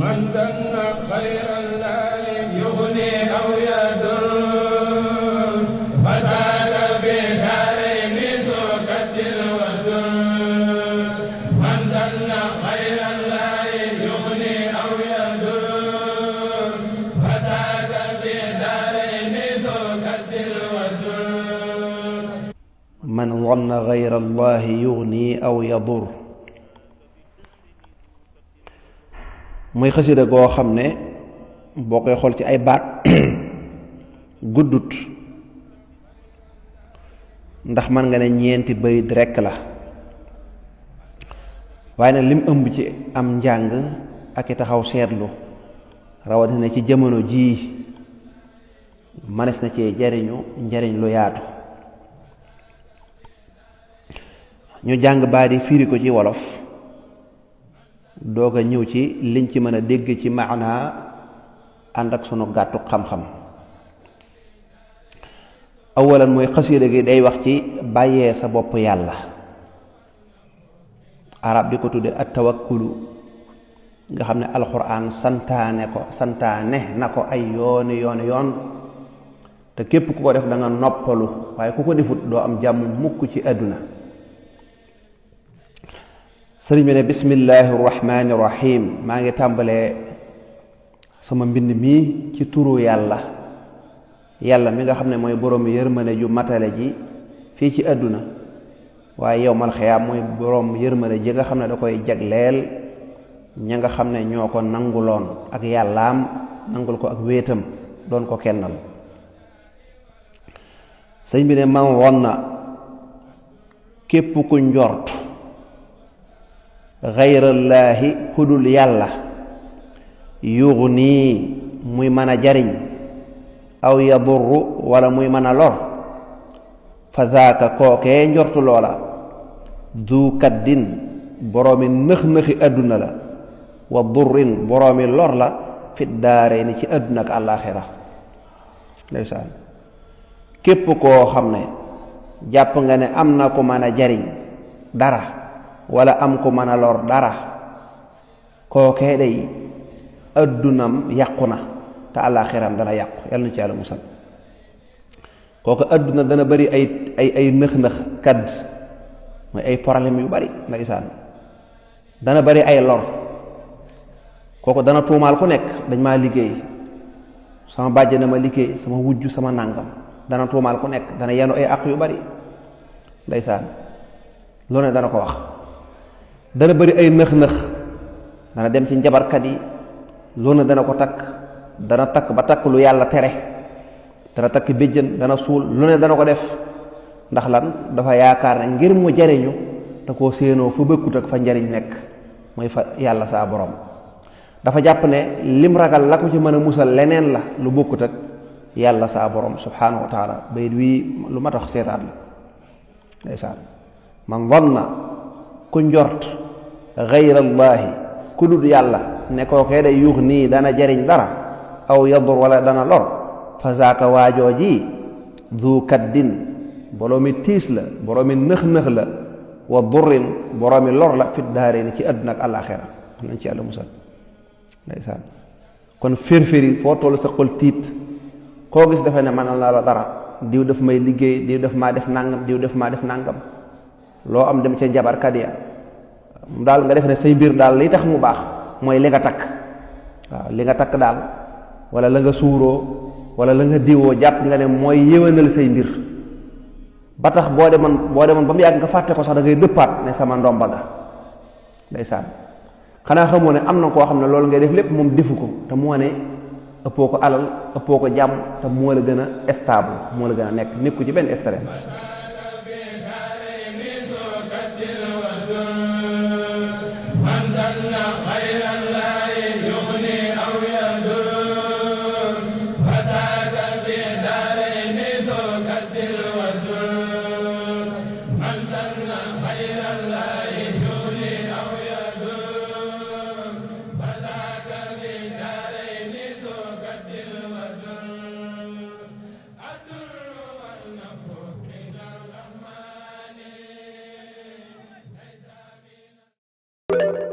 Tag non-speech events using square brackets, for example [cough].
من زن خيرا لا يغني أو يدر فساد في دارين سكت الودر من زن خيرا لا يغني أو يدر فساد في دارين سكت الودر من ظن غير الله يغني أو يضر muy xasida goo xam ne boo koy xool ci ay baat [coughs] guddut ndax mën nga ne ñeenti bayit rekk la waaye nag lim ëmb ci am njàng ak i taxaw seetlu rawatina ci jamono jii manes na cee jariñu njariñ lu yaatu ñu jàng baat yi fiiri ko ci wolof doog a ñëw ci liñ ci mën a dégg ci maanaa ànd ak sunu gàttu xam-xam awalan mooy xasiida gi day wax ci bàyyee sa bopp yàlla arab di ko tudde at tawakkulu nga xam ne alxuraan santaane ko santaane na ko ay yooni yooni yoon te képp ku ko def danga noppalu waaye ku ko defut doo am jàmm mukk ci àdduna sëriñ bi ne bismillahi rahmani rahim maa ngi tàmbalee sama mbind mii ci turu yàlla yàlla mi nga xam ne mooy borom yërmane ju matale ji fii ci àdduna waaye yow mal xiyaam mooy borom yërmane ji nga xam ne da koy jagleel ña nga xam ne ñoo ko nanguloon ak yàllaam nangul ko ak wéetam doon ko kennal sëñ bi ne man wonna ku njort xayrallaahi kudul yalla, yughni muy mana jariñ aw yadurru wala muy mana lor fa zaaka njortu lola du kaddin boroomi nekh nëxi adunala, la wa durrin boromi lor la fit daare ni ci aduna ak alakhirah ndeysaan kep ko xamne japp nga ne amna ko mana jariñ dara wala am ko mana lor dara nah. ke day adunam yakuna ta te dana yak, yalla na ci yàlla musal ko aduna dana bari ay ay ay nekh nekh kad moy ay problème yu bari san, dana bari ay lor ko dana tumal ku nek dañ ma liggey sama badje na ma liggey sama wujju sama nangam, dana tumal ku nek dana yano ay ak yu bari san, loolu ne dana ko wax dana bëri ay nëx-nëx dana dem ci njabarkat yi loolu dana ko takk dana takk ba takk lu yàlla tere dana takk béjjën dana suul lu ne dana ko def ndax lan dafa yaakaar ne ngir mu jariñu te koo séenoo fu bëkkut fa njariñ nekk mooy fa yàlla saa borom dafa jàpp ne lim ragal la ko ci mën a musal leneen la lu bokkut yàlla saa borom subhanahu wa taala bayit lu ma tax seetaat la ndeysaan man wanna ku njort gayrallaahi ku yàlla ne kookee day yuux nii dana jariñ dara aw yadur wala dana lor fa saaka waajoo ji du kaddin boroomi tiis la boromi nëx-nëx la wa durrin boroomi lor la fit daaree ni ci àdduna ak àllaaxira am nañ ci yàlla kon fér-féri foo toll sa xol tiit koo gis dafa ne mënal naa la dara diw def may liggéey diw def maa def nàngam diw def maa def nàngam loo am dem ca njabarkat ya daal nga def ne say mbir daal li tax mu baax mooy li nga takk waaw li nga takk daal wala la nga suuroo wala la nga diwoo jàpp nga ne mooy yéwénal say mbir ba tax boo demoon boo demoon ba mu yàgg nga fàtte ko sax da ngay dëppaat ne sama ndomba ga ndeysaan xanaa xamoo ne am na koo xam ne loolu ngay def lépp moom defu ko te moo ne ëppoo ko alal ëppoo ko jàmm te moo la gën a stable moo la gën a nekk nekku ci benn stress Thank you